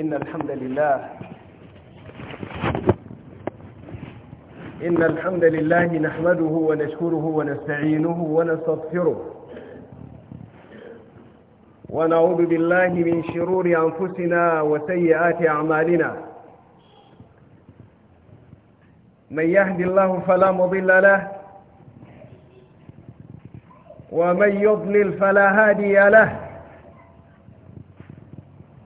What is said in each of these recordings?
إن الحمد لله إن الحمد لله نحمده ونشكره ونستعينه ونستغفره ونعوذ بالله من شرور أنفسنا وسيئات أعمالنا من يهد الله فلا مضل له ومن يضلل فلا هادي له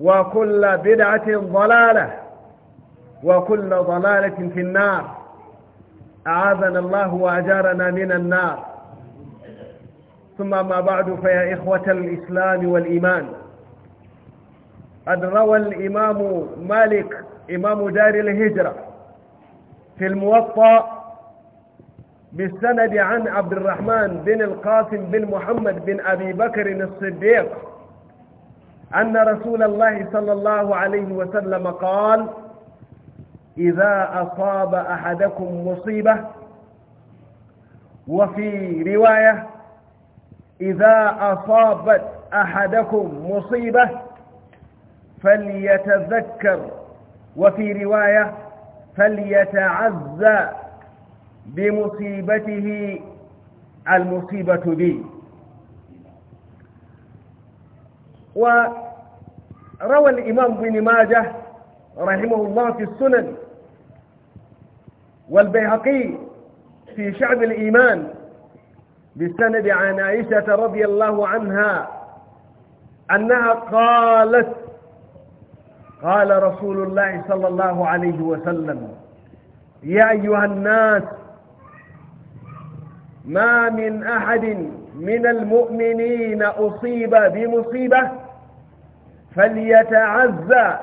وكل بدعة ضلالة وكل ضلالة في النار أعاذنا الله وأجارنا من النار ثم ما بعد فيا إخوة الإسلام والإيمان قد روى الإمام مالك إمام دار الهجرة في الموطأ بالسند عن عبد الرحمن بن القاسم بن محمد بن أبي بكر الصديق أن رسول الله صلى الله عليه وسلم قال إذا أصاب أحدكم مصيبة وفي رواية إذا أصابت أحدكم مصيبة فليتذكر وفي رواية فليتعزى بمصيبته المصيبة دي وروى الإمام بن ماجه رحمه الله في السنن والبيهقي في شعب الإيمان بالسند عن عائشة رضي الله عنها أنها قالت قال رسول الله صلى الله عليه وسلم يا أيها الناس ما من أحد من المؤمنين أصيب بمصيبة فليتعزى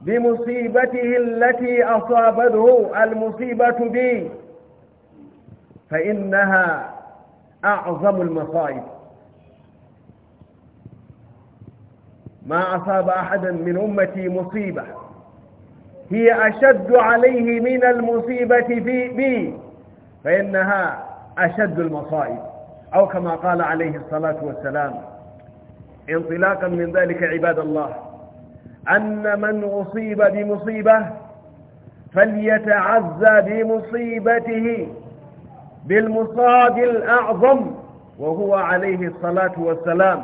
بمصيبته التي أصابته المصيبة به فإنها أعظم المصائب ما أصاب أحدا من أمتي مصيبة هي أشد عليه من المصيبة في بي فإنها أشد المصائب أو كما قال عليه الصلاة والسلام انطلاقا من ذلك عباد الله أن من أصيب بمصيبة فليتعزى بمصيبته بالمصاد الأعظم وهو عليه الصلاة والسلام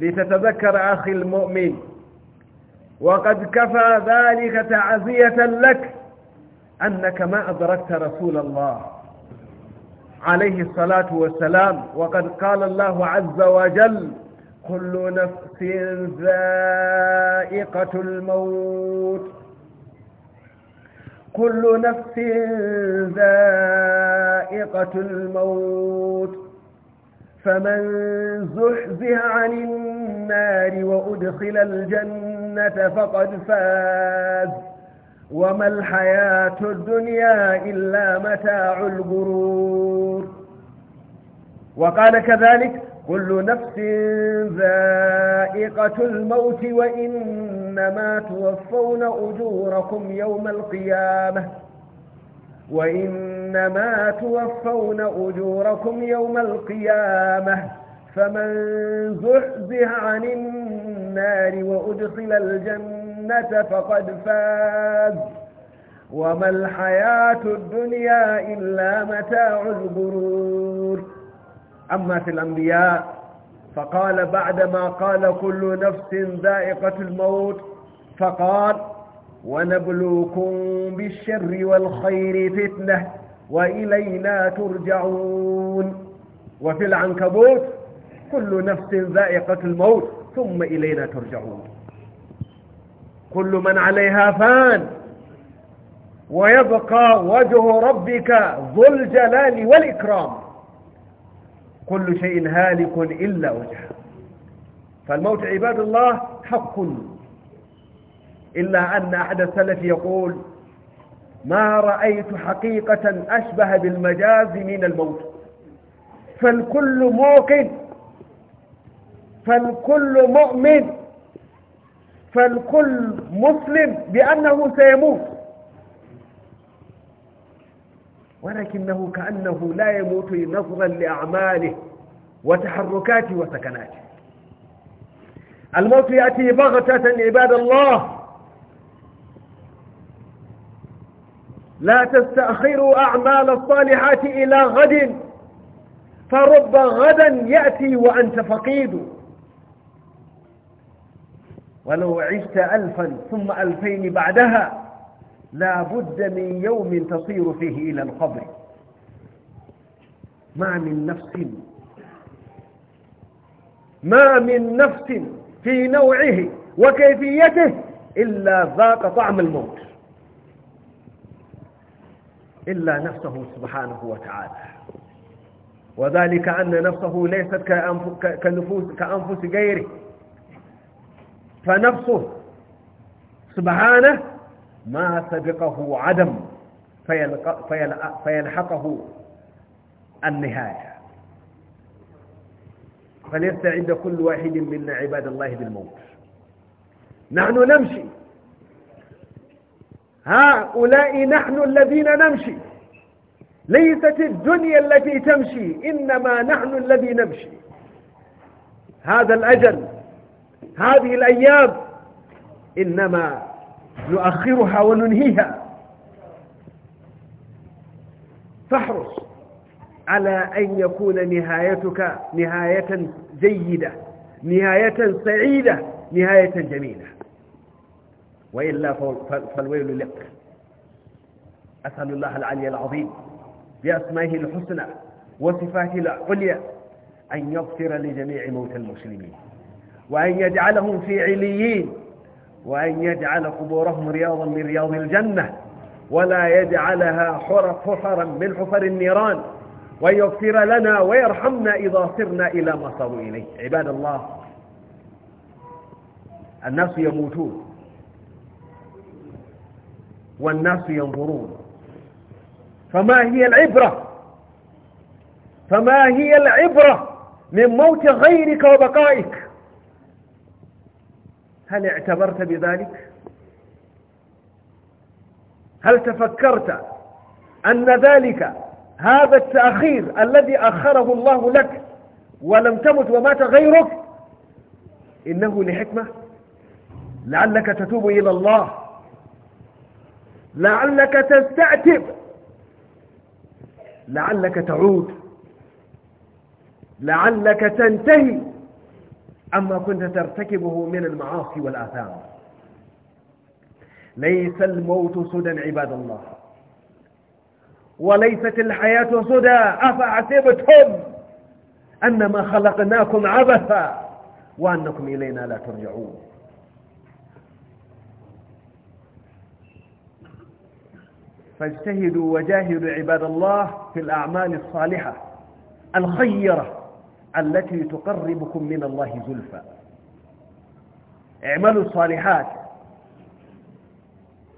لتتذكر أخي المؤمن وقد كفى ذلك تعزية لك أنك ما أدركت رسول الله عليه الصلاة والسلام وقد قال الله عز وجل كل نفس ذائقة الموت كل نفس ذائقة الموت فمن زحزح عن النار وأدخل الجنة فقد فاز وما الحياة الدنيا إلا متاع الغرور وقال كذلك كل نفس ذائقة الموت وإنما توفون أجوركم يوم القيامة وإنما توفون أجوركم يوم القيامة فمن زحزح عن النار وأدخل الجنة الجنة فقد فاز وما الحياة الدنيا إلا متاع الغرور أما في الأنبياء فقال بعدما قال كل نفس ذائقة الموت فقال ونبلوكم بالشر والخير فتنة وإلينا ترجعون وفي العنكبوت كل نفس ذائقة الموت ثم إلينا ترجعون كل من عليها فان ويبقى وجه ربك ذو الجلال والإكرام كل شيء هالك إلا وجهه فالموت عباد الله حق إلا أن أحد السلف يقول ما رأيت حقيقة أشبه بالمجاز من الموت فالكل موقن فالكل مؤمن فالكل مسلم بأنه سيموت ولكنه كأنه لا يموت نظرا لأعماله وتحركاته وسكناته الموت يأتي بغتة عباد الله لا تستأخروا أعمال الصالحات إلى غد فرب غدا يأتي وأنت فقيد ولو عشت ألفا ثم ألفين بعدها لا بد من يوم تصير فيه إلى القبر ما من نفس ما من نفس في نوعه وكيفيته إلا ذاق طعم الموت إلا نفسه سبحانه وتعالى وذلك أن نفسه ليست كأنفس, كأنفس غيره فنفسه سبحانه ما سبقه عدم فيلق فيلق فيلحقه النهاية فليستعد كل واحد منا عباد الله بالموت نحن نمشي هؤلاء نحن الذين نمشي ليست الدنيا التي تمشي إنما نحن الذي نمشي هذا الأجل هذه الأيام إنما نؤخرها وننهيها فاحرص على أن يكون نهايتك نهاية جيدة نهاية سعيدة نهاية جميلة وإلا فالويل لك أسأل الله العلي العظيم بأسمائه الحسنى وصفاته العليا أن يغفر لجميع موتى المسلمين وأن يجعلهم في عليين وأن يجعل قبورهم رياضا من رياض الجنة ولا يجعلها حفرا من حفر النيران ويغفر لنا ويرحمنا إذا صرنا إلى ما صاروا إليه عباد الله الناس يموتون والناس ينظرون فما هي العبرة فما هي العبرة من موت غيرك وبقائك هل اعتبرت بذلك هل تفكرت أن ذلك هذا التأخير الذي أخره الله لك ولم تمت ومات غيرك إنه لحكمة لعلك تتوب إلى الله لعلك تستعتب لعلك تعود لعلك تنتهي عما كنت ترتكبه من المعاصي والآثام ليس الموت سدى عباد الله وليست الحياة سدى أفعتبتم أنما خلقناكم عبثا وأنكم إلينا لا ترجعون فاجتهدوا وجاهدوا عباد الله في الأعمال الصالحة الخيرة التي تقربكم من الله زلفى اعملوا الصالحات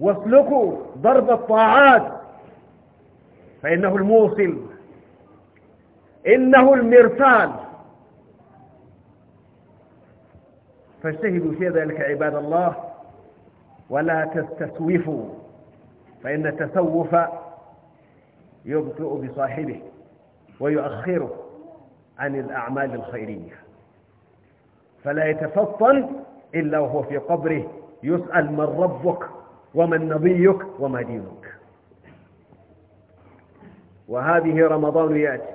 واسلكوا ضرب الطاعات فإنه الموصل إنه المرسال فاجتهدوا في ذلك عباد الله ولا تستسوفوا فإن التسوف يبطئ بصاحبه ويؤخره عن الأعمال الخيرية فلا يتفطن إلا وهو في قبره يسأل من ربك ومن نبيك وما دينك وهذه رمضان يأتي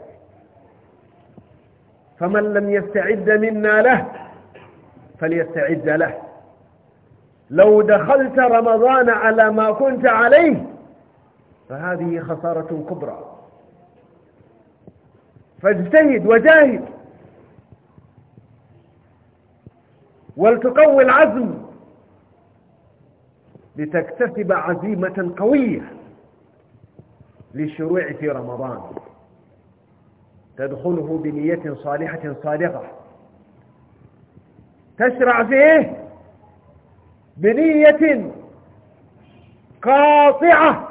فمن لم يستعد منا له فليستعد له لو دخلت رمضان على ما كنت عليه فهذه خسارة كبرى فاجتهد وجاهد ولتقوي العزم لتكتسب عزيمة قوية للشروع في رمضان تدخله بنية صالحة صادقة تشرع فيه بنية قاطعة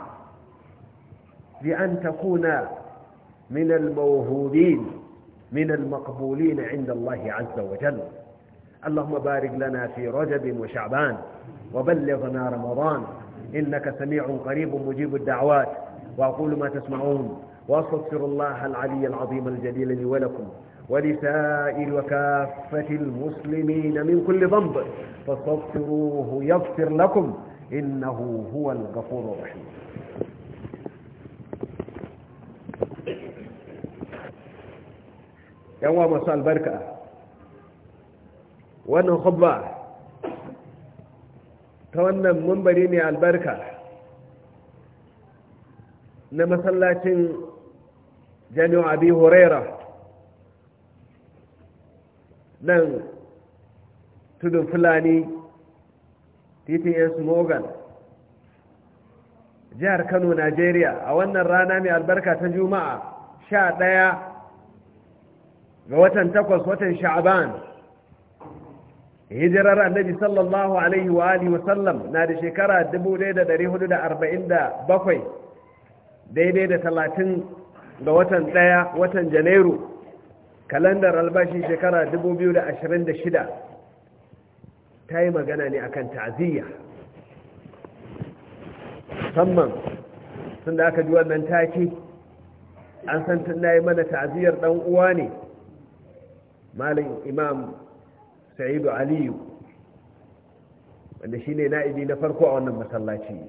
لأن تكون من الموهوبين من المقبولين عند الله عز وجل اللهم بارك لنا في رجب وشعبان وبلغنا رمضان إنك سميع قريب مجيب الدعوات وأقول ما تسمعون وأستغفر الله العلي العظيم الجليل لي ولكم ولسائر وكافة المسلمين من كل ذنب فاستغفروه يغفر لكم إنه هو الغفور الرحيم yanwa masu albarka wannan khutba ta wannan mambari ne albarka na masallacin jami'u abi huraira nan tudun fulani titin yan smogan jihar kano najeriya a wannan rana mai albarka ta juma'a sha ɗaya ga watan takwas watan sha'aban hijirar annabi sallallahu alaihi wa alihi wasallam na da shekara 1447 daidai da talatin ga watan daya watan janairu kalandar albashi shekara 2026 ta yi magana ne akan ta'aziyya musamman sun da aka ji wannan take an san tun na yi mana ta'aziyyar dan uwa ne malin imam sa'idu aliyu wanda shi ne na'ibi na farko a wannan masallaci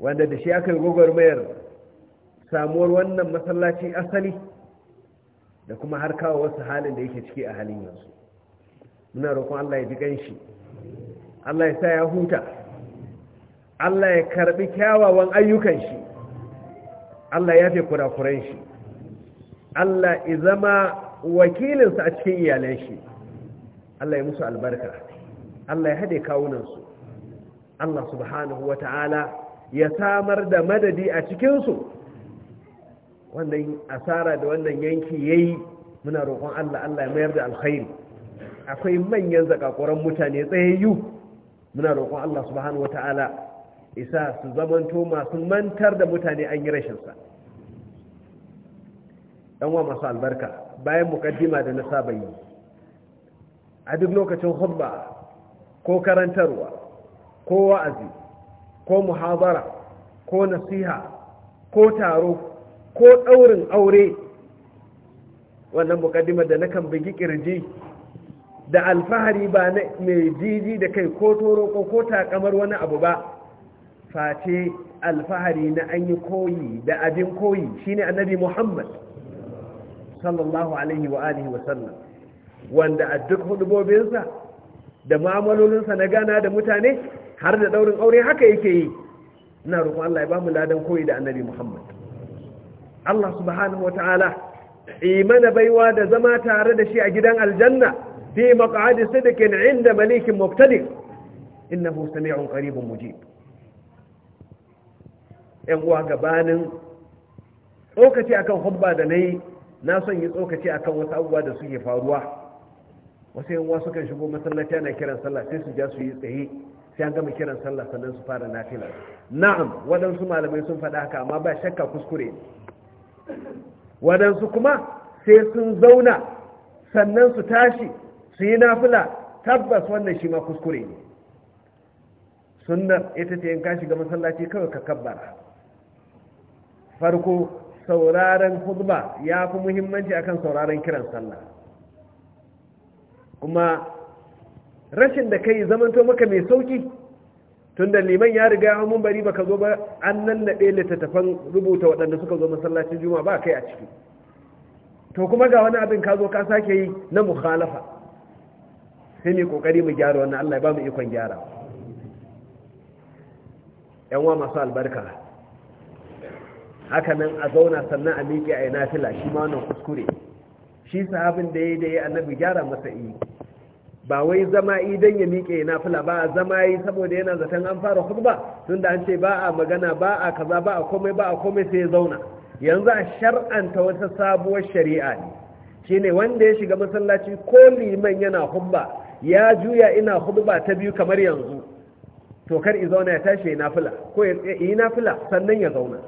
wanda da shi aka yi gwagwarmayar samuwar wannan masallaci asali da kuma har kawo wasu halin da yake ciki a halin yanzu muna roƙon allah ya ji ganshi allah ya sa ya huta allah ya karbi kyawawan ayyukan shi allah ya fi kurakuran shi allah zama. wakilinsa a cikin iyalan shi Allah ya musu albarka Allah ya haɗe kawunansu Allah subhanahu wa ta'ala ya samar da madadi a cikinsu wannan asara da wannan yanki ya yi muna roƙon Allah Allah ya mayar da alkhairi akwai manyan zakakuran mutane tsayayyu muna roƙon Allah subhanahu wa ta'ala isa su zamanto masu mantar da mutane an yi rashinsa dan wa masu albarka bayan mukaddima da na saba yi a duk lokacin hubba ko karantarwa ko wa'azi ko muhabara ko nasiha ko taro ko ɗaurin aure wannan mukaddima da nakan bugi ƙirji. da alfahari ba na mai jiji da kai ko toroko ko takamar wani abu ba face alfahari na an yi koyi da abin koyi shine annabi muhammad sallallahu alaihi wa alihi wa sallam wanda a duk hudubobinsa da mu'amalolinsa na gana da mutane har da daurin aure haka yake yi ina roƙon Allah ya bamu ladan koyi da annabi Muhammad Allah subhanahu wa ta'ala imana baiwa da zama tare da shi a gidan aljanna fi maq'adi sidqin 'inda malikin muqtadir innahu sami'un qaribun mujib yan uwa gabanin lokaci akan hubba da nayi na son yi tsokaci akan wasu abubuwa da suke faruwa wasu wasu sukan shigo masallaci ana kiran sallah sai su ja su yi tsaye sai an gama kiran sallah sannan su fara nafila na'am waɗansu malamai sun faɗa haka amma ba shakka kuskure ne waɗansu kuma sai sun zauna sannan su tashi su yi nafila tabbas wannan shi ma kuskure ne sunnar ita ce in ka shiga masallaci kawai ka kabbara farko sauraron hudba ya fi muhimmanci akan sauraron kiran sallah kuma rashin da kai zamanto maka mai sauki tun da liman ya riga ya mun bari baka zo ba an nan ɗaya littattafan rubuta waɗanda suka zo masallacin juma ba kai a ciki to kuma ga wani abin ka zo ka sake yi na mukhalafa sai ne kokari mu gyara wannan Allah ya ba mu ikon gyara yan wa masu albarka haka nan a zauna sannan a miƙe a yi nafila shi ma wannan kuskure shi sahabin da ya da ya annabi gyara masa yi ba wai zama yi don ya miƙe ya nafila ba zama yi saboda yana zaton an fara hukba tun da an ce ba a magana ba a kaza ba a komai ba a komai sai ya zauna yanzu a shar'anta wata sabuwar shari'a ne shine wanda ya shiga masallaci ko liman yana hukba ya juya ina hukba ta biyu kamar yanzu to kar i zauna ya tashi ya nafila ko ya yi nafila sannan ya zauna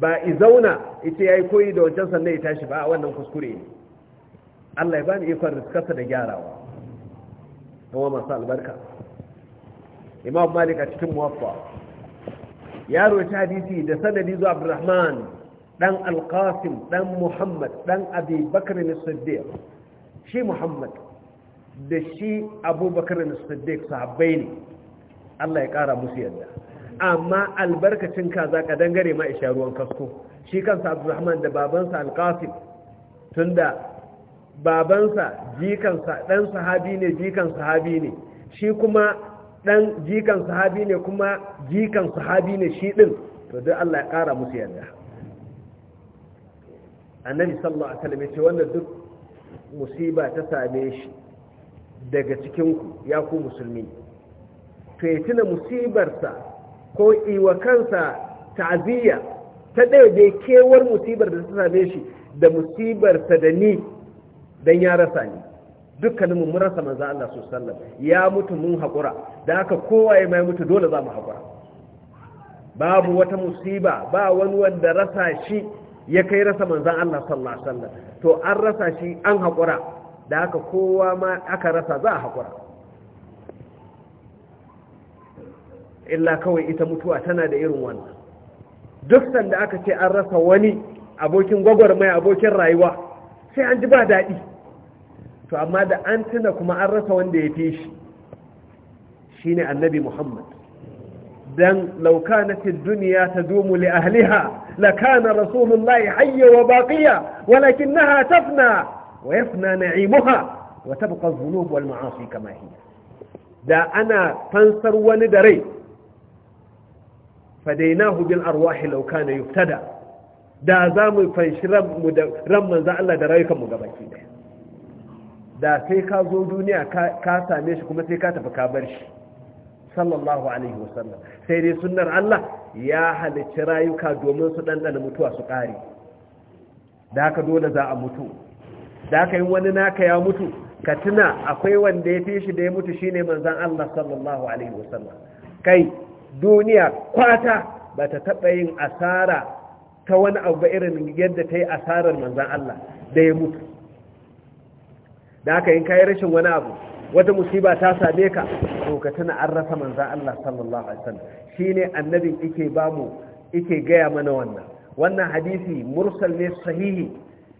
ba i zauna ita ya yi koyi da wancan sannan ya tashi ba a wannan kuskure ne allah ya bani ikon riskarsa da gyarawa kuma masu albarka imam malik a cikin muwaffa yaro ya ta hadisi da sanadi zuwa abdurrahman dan ɗan dan muhammad dan abu bakr siddiq shi muhammad da shi abubakar siddiq sahabbai ne allah ya kara musu yadda amma albarkacin kaza ka dangare ma isha ruwan kasko shi kansa rahman da babansa tun tunda babansa jikansa dan sahabi ne jikan sahabi ne shi kuma dan jikan sahabi ne kuma jikan sahabi ne shi din to duk Allah ya kara musu yarda annabi sallallahu alaihi wasallam ya ce wannan duk musiba ta same shi daga cikinku ya ku musulmi to ya tuna musibarsa ko iwa kansa ta'aziyya ta ɗaya dai kewar musibar da ta same shi da musibar ta da ni dan ya rasa ni dukkanin mu rasa manzo Allah sallallahu ya mutu mun hakura da haka kowa ya mai mutu dole za mu hakura babu wata musiba ba wani wanda rasa shi ya kai rasa manzan Allah sallallahu alaihi to an rasa shi an hakura da haka kowa ma aka rasa za a hakura illa kawai ita mutuwa tana da irin wannan duk sanda aka ce an rasa wani abokin mai abokin rayuwa sai an ji ba daɗi to amma da an tuna kuma an rasa wanda ya fi shi shi ne annabi muhammad don laukanatin duniya ta domu li ahliha la kana rasulullahi hayya wa baqiya walakin naha tafna wa yafna na'imuha wa tabqa dhunub wal ma'asi kama hiya da ana fansar wani da rai fadainahu bil arwahi law kana yuftada da za mu fanshi mu da ran manzo Allah da rayukan mu gabaki daya da sai ka zo duniya ka same shi kuma sai ka tafi ka bar shi sallallahu alaihi wasallam sai dai sunnar Allah ya halicci rayuka domin su dandana mutuwa su kare da haka dole za a mutu da haka yin wani naka ya mutu ka tuna akwai wanda ya fi shi da ya mutu shine manzon Allah sallallahu alaihi wasallam kai duniya kwata ba ta taɓa yin asara ta wani abu irin yadda ta yi asarar manzan Allah da ya mutu da haka in kayi rashin wani abu wata musiba ta same ka Lokacin an rasa manzan Allah sallallahu alaihi wasallam shine annabin yake ba mu yake gaya mana wannan wannan hadisi mursal ne sahihi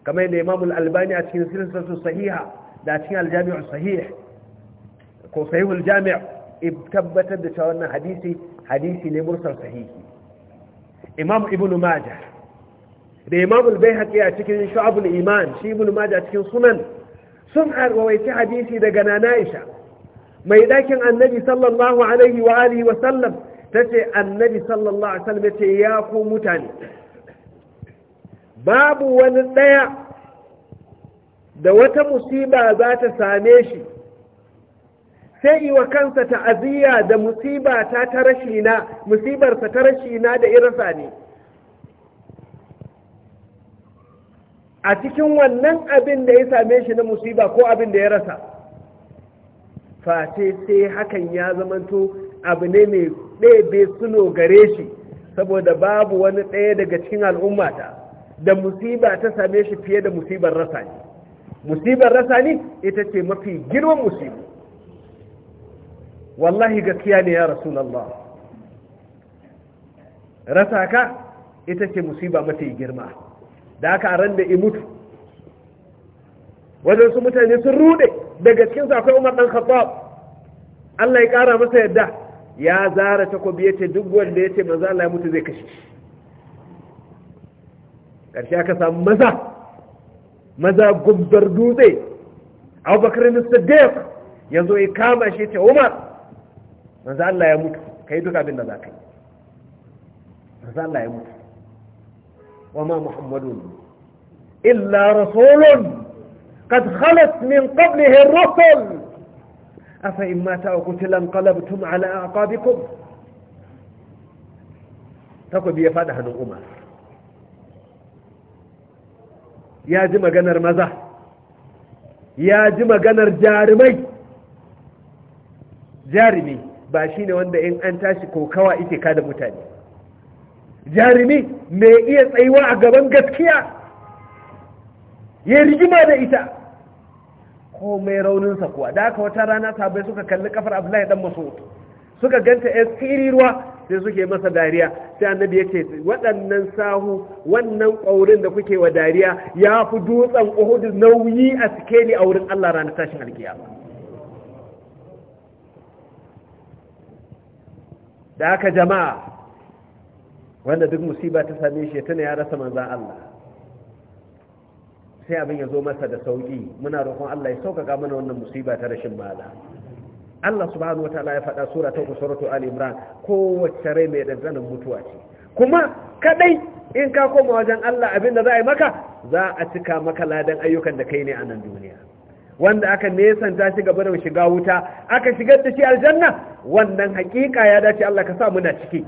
kamar da Imam al-Albani a cikin silsilatu sahiha da cikin al sahih ko sahihul jami' tabbatar da cewa wannan hadisi hadisi ne mursal sahihi imam ibnu majah da imam al-baihaqi a cikin shu'abul iman shi ibnu majah cikin sunan sun arwaye hadisi daga nana aisha mai dakin annabi sallallahu alaihi wa alihi wa sallam tace annabi sallallahu alaihi wa sallam yace ya ku mutane babu wani daya da wata musiba za ta same shi sai yi wa kansa ta'aziyya da musiba ta ta musibarsa ta rashina da irasa ne a cikin wannan abin da ya same shi na musiba ko abin da ya rasa face sai hakan ya zamanto abu ne mai ɗebe suno gare shi saboda babu wani ɗaya daga cikin al'ummata da musiba ta same shi fiye da musibar rasa ne musibar rasa ne ita ce mafi girman musibu wallahi gaskiya ne ya rasu rasulallah rasa ka ita ce musiba mata yi girma da aka ran da imutu wajen mutane sun rude daga cikin akwai umar dan khattab Allah ya kara masa yadda ya zara takobi yace duk wanda yace manzo Allah ya mutu zai kashe shi karshe aka samu maza maza gubbar dutse Abubakar Siddiq yanzu ya kama shi ce Umar manzo Allah ya mutu kai duk abin da zaka manzo Allah ya mutu muhammadun illa rasulun قد خلت من قبله الرسل أفإن مات أو قتل انقلبتم على أعقابكم تقول بي فادها نقوم يا جمع قنر مزا يا جمع قنر جارمي جارمي ba shi ne wanda in an tashi kokawa ike kada mutane jarumi mai iya tsayuwa a gaban gaskiya ya rigima da ita ko mai rauninsa kuwa da aka wata rana sabai suka kalli kafar abdullahi dan masud suka ganta yan tsiri ruwa sai suke masa dariya sai annabi ya ce waɗannan sahu wannan ƙaurin da kuke wa dariya ya fi dutsen Uhudu nauyi a sikeli a wurin allah ranar tashin alkiyama da aka jama'a wanda duk musiba ta same shi tana ya rasa manzan Allah sai abin ya zo masa da sauƙi muna roƙon Allah ya sauƙaƙa mana wannan musiba ta rashin mala Allah subhanahu wataala ya faɗa sura ta usuratu Ali Imran kowace rai mai ɗanɗanon mutuwa ce kuma kadai in ka koma wajen Allah abin da za a yi maka za a cika maka ladan ayyukan da kai ne a nan duniya wanda aka nesanta shi gaba da shiga wuta aka shigar da shi aljanna wannan hakika ya dace Allah ka sa muna ciki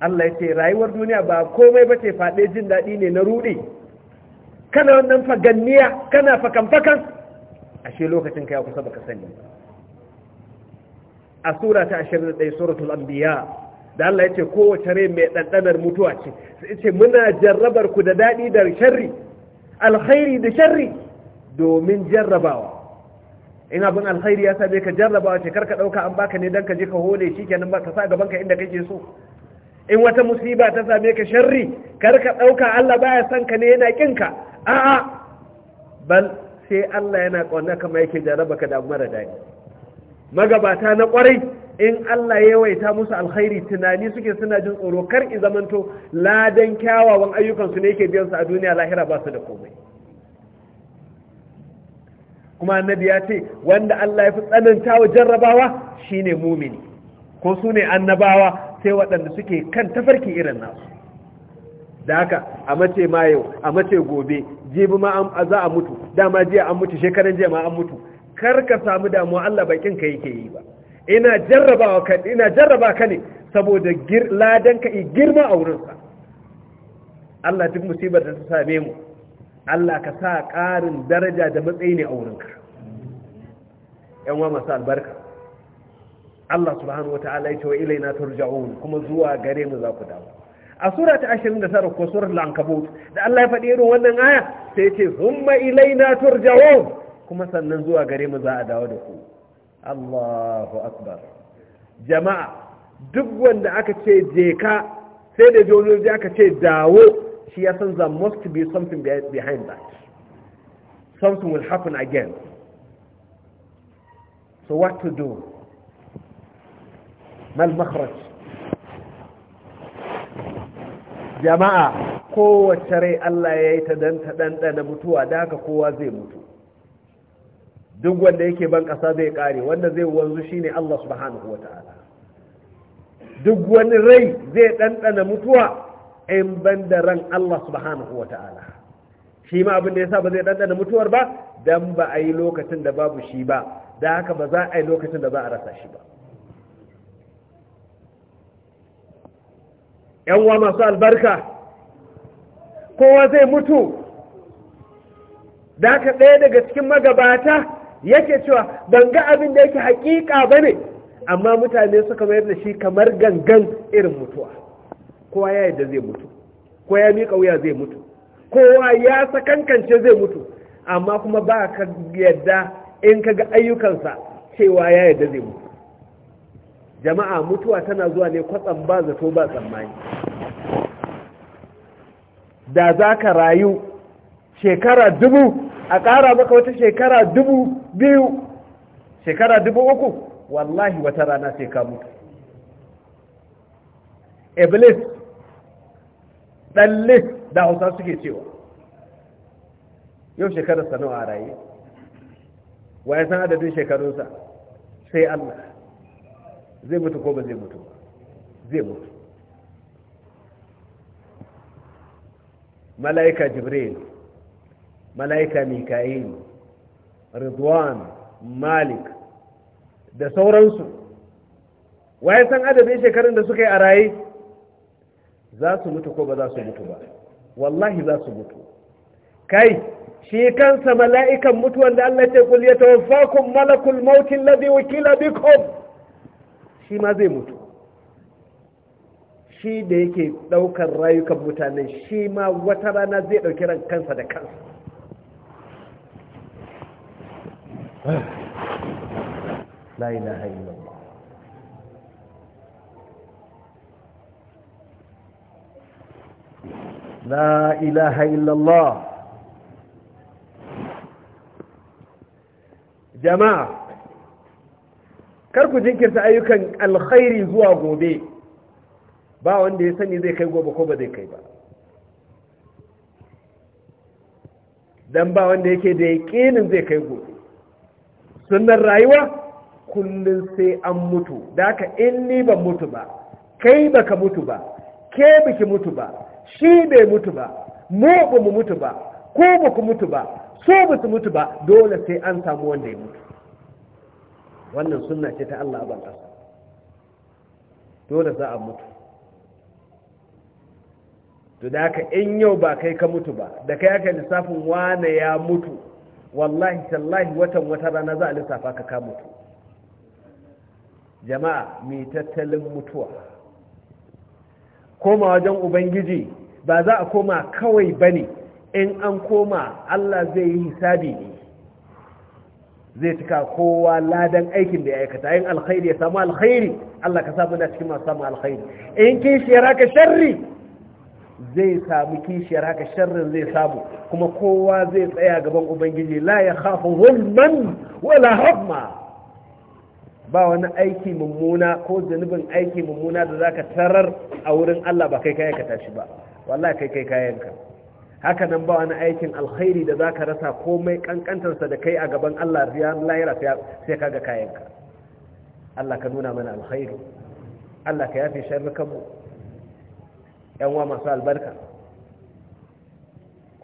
Allah ya ce rayuwar duniya ba komai bace faɗe jin daɗi ne na ruɗe kana wannan faganniya kana fakan-fakan ashe lokacin ka ya kusa baka sani a sura ta 21 suratul anbiya da Allah ya ce kowace rai mai ɗanɗanar mutuwa ce sai ce muna jarrabar ku da daɗi da sharri alkhairi da sharri domin jarrabawa in abin alkhairi ya same ka jarrabawa ce karka ɗauka an baka ne don ka je ka hole shi kenan ba ka sa gaban ka inda kake so in wata musiba ta same ka sharri karka ɗauka Allah baya son ka ne yana kin ka a'a bal sai Allah yana kauna kama yake jarraba ka da mara daɗi magabata na kwarai in Allah ya yawaita musu alkhairi tunani suke suna jin tsoro kar i zamanto ladan kyawawan su ne yake biyan su a duniya lahira ba su da komai kuma annabi ya ce wanda Allah ya fi tsananta wa jarrabawa shine mumini ko su ne annabawa sai waɗanda suke kan tafarki irin nasu da haka a mace ma a mace gobe jibi ma za a mutu dama jiya an mutu shekaran jiya ma an mutu kar ka samu damuwa Allah bakin ka yake yi ba ina jarrabawa ka ina jarraba ka ne saboda ladan ka girma a wurinsa Allah duk musibar da ta same mu Allah ka sa ƙarin daraja da matsayi ne a wurinka ‘yan wa masu albarka Allah subhanahu wa ta'ala ya ce wa ilaina turja'un kuma zuwa gare mu za ku dawo a sura ta 29 ko sura al da Allah ya faɗi irin wannan aya sai ce ilai ilaina turja'un kuma sannan zuwa gare mu za a dawo da ku Allahu akbar jama'a duk wanda aka ce jeka, sai da jojoji aka ce dawo shi ya san za must be something behind that something will happen again so what to do mal makhraj jama'a kowace rai Allah ya yi ta dan ta ɗanɗana mutuwa da haka kowa zai mutu duk wanda yake ban ƙasa zai ƙare wanda zai wanzu shine Allah subhanahu wa ta'ala duk wani rai zai ɗanɗana mutuwa in ban da ran Allah subhanahu wa ta'ala shi ma abin da ya sa ba zai ɗanɗana mutuwar ba don ba a yi lokacin da babu shi ba da haka ba za a yi lokacin da za a rasa shi ba yanwa masu albarka kowa zai mutu da haka ɗaya daga cikin magabata yake cewa ban ga abin da yake haƙiƙa ba ne amma mutane suka mayar da shi kamar gangan irin mutuwa kowa ya yadda zai mutu kowa ya miƙa wuya zai mutu kowa ya sakankance zai mutu amma kuma ba ka yadda in ka ga ayyukansa cewa ya yadda zai mutu jama'a mutuwa tana zuwa ne kwatsam ba zato ba tsammani da za ka rayu shekara dubu a ƙara maka wata shekara dubu biyu shekara dubu uku wallahi wata rana sai ka mutu iblis ɗalle da hausa suke cewa yau shekarar sa nawa a raye wa ya san adadin shekarunsa sai Allah zai mutu ko ba zai mutu ba zai mutu mala'ika jibril mala'ika mika'il ridwan malik da sauransu wa ya san adadin shekarun da suka yi a raye za su mutu ko ba za su mutu ba wallahi za su mutu kai shi kansa mala'ikan mutuwan da Allah ce kul ya tawaffakum malakul mautin Ladi, wakila bikum shi ma zai mutu shi da yake ɗaukar rayukan mutane shi ma wata rana zai ɗauki ran kansa da kansa la ilaha illallah لا إله إلا jama'a kar ku jinkirta ayyukan alkhairi zuwa gobe ba wanda ya sani zai kai gobe ko ba zai kai ba dan ba wanda yake da yaƙinin zai kai gobe sunan rayuwa kullum sai an mutu da ka in ni ban mutu ba kai baka mutu ba ke biki mutu ba shi bai mutu ba mu ba mu mutu ba ko ba ku mutu ba so ba su mutu ba dole sai an samu wanda ya mutu wannan sunna ce ta Allah ban ƙasa dole za a mutu to da haka in yau ba kai ka mutu ba da kai aka lissafin wane ya mutu wallahi sallahi, watan wata rana za a lissafa ka ka mutu jama'a mai tattalin mutuwa koma wajen ubangiji ba za a koma kawai ba ne in an koma Allah zai yi hisabi ne zai cika kowa ladan aikin da ya aikata yin alkhairi ya samu alkhairi Allah ka samu na cikin masu samu alkhairi in kishiyar haka sharri zai samu kishiyar haka sharrin zai samu kuma kowa zai tsaya gaban ubangiji la ya khafu zulman wala hafma ba wani aiki mummuna ko zanubin aiki mummuna da zaka tarar a wurin Allah ba kai ka aikata shi ba wallahi kai kai kayanka haka nan ba wani aikin alkhairi da zaka rasa komai kankantarsa da kai a gaban Allah ya lahira sai kaga kayanka Allah ka nuna mana alkhairi Allah ka yafe shan mu yan wa masu albarka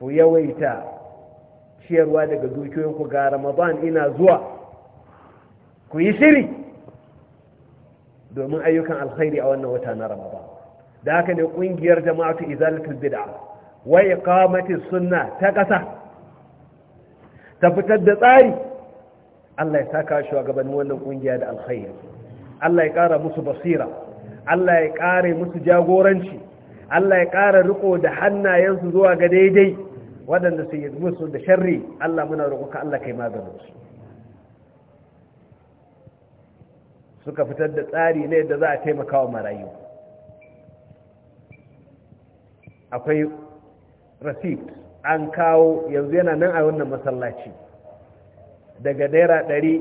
ku yawaita ciyarwa daga dukiyoyinku ga Ramadan ina zuwa ku yi shiri domin ayyukan alkhairi a wannan wata na Ramadan da haka ne kungiyar jama'atu izalatul bid'a wa iqamati sunna ta kasa ta fitar da tsari Allah ya saka gaban wannan kungiya da alkhairi Allah ya kara musu basira Allah ya kare musu jagoranci Allah ya kara riko da hannayensu zuwa ga daidai waɗanda su yi musu da sharri Allah muna ka Allah kai maganin su suka fitar da tsari ne da za a taimaka wa marayu akwai receipt an kawo yanzu yana nan a wannan masallaci daga naira ɗari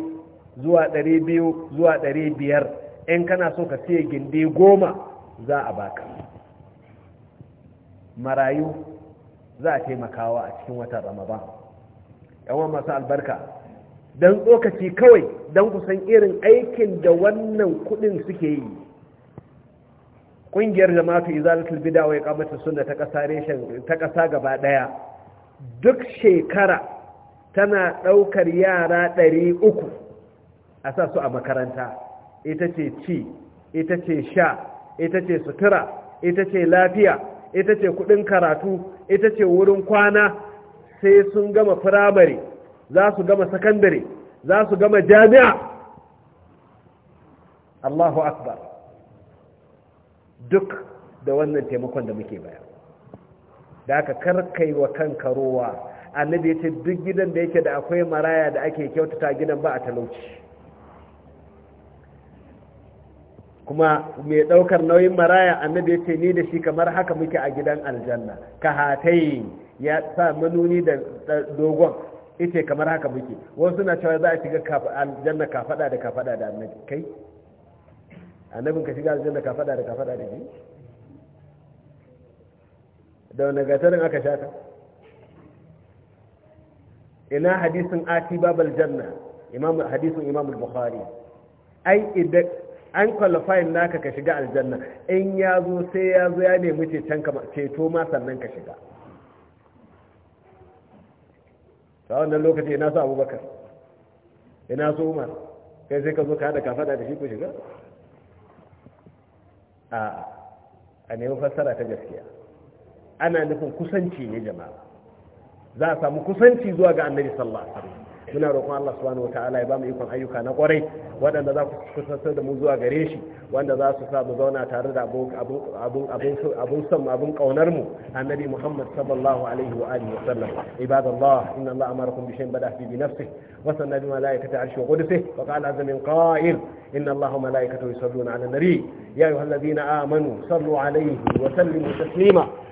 zuwa ɗari biyu zuwa ɗari biyar in kana so ka siya gindi goma za a baka marayu za a taimakawa a cikin watan ramadan yawan masu albarka don tsokaci kawai don kusan irin aikin da wannan kudin suke yi kungiyar jama'atu izalatul bid'a wa iqamatu sunna ta kasa reshen ta kasa gaba daya duk shekara tana daukar yara 300 a sa a makaranta ita ce ci ita ce sha ita ce sutura ita ce lafiya ita ce kudin karatu ita ce wurin kwana sai sun gama firamare za su gama sakandare za su gama jami'a Allahu akbar duk da wannan taimakon da muke baya da aka karkai wa kanka karowa. annabi ya ce duk gidan da yake da akwai maraya da ake kyautata gidan ba a talauci kuma mai ɗaukar nauyin maraya annabi ya ce ni da shi kamar haka muke a gidan aljanna ka hatayi ya sa manuni da dogon ita kamar haka muke wasu na cewa za a shiga aljanna ka faɗa da ka faɗa da annabi kai annabin ka shiga aljanna ka fada da ka fada da shi da wani gatarin aka shata ina hadisin ati babal janna imam hadisin imam al-bukhari ai idan an qualify naka ka shiga aljanna in ya zo sai ya zo ya nemi ceton ka ceto ma sannan ka shiga ta wannan lokaci ina su abubakar ina su umar kai sai ka zo ka haɗa ka faɗa da shi ku shiga a a nemi fassara ta gaskiya ana nufin kusanci ne jama'a za a samu kusanci zuwa ga annabi sallallahu alaihi wasallam suna roƙon Allah subhanahu wataala ya ba mu ikon ayyuka na ƙwarai waɗanda za su kusantar da mu zuwa gare shi wanda za su sa mu zauna tare da abun son abun kaunar mu annabi Muhammad sallallahu alaihi wa alihi wa sallam ibadallah inna allaha amarakum bi shay'in bada bi nafsi wa sanna bi malaikati arshi wa qudsi wa qala azza min qa'il inna allaha wa malaikatahu yusalluna ala nabi ya ayyuhalladhina amanu sallu alaihi wa sallimu taslima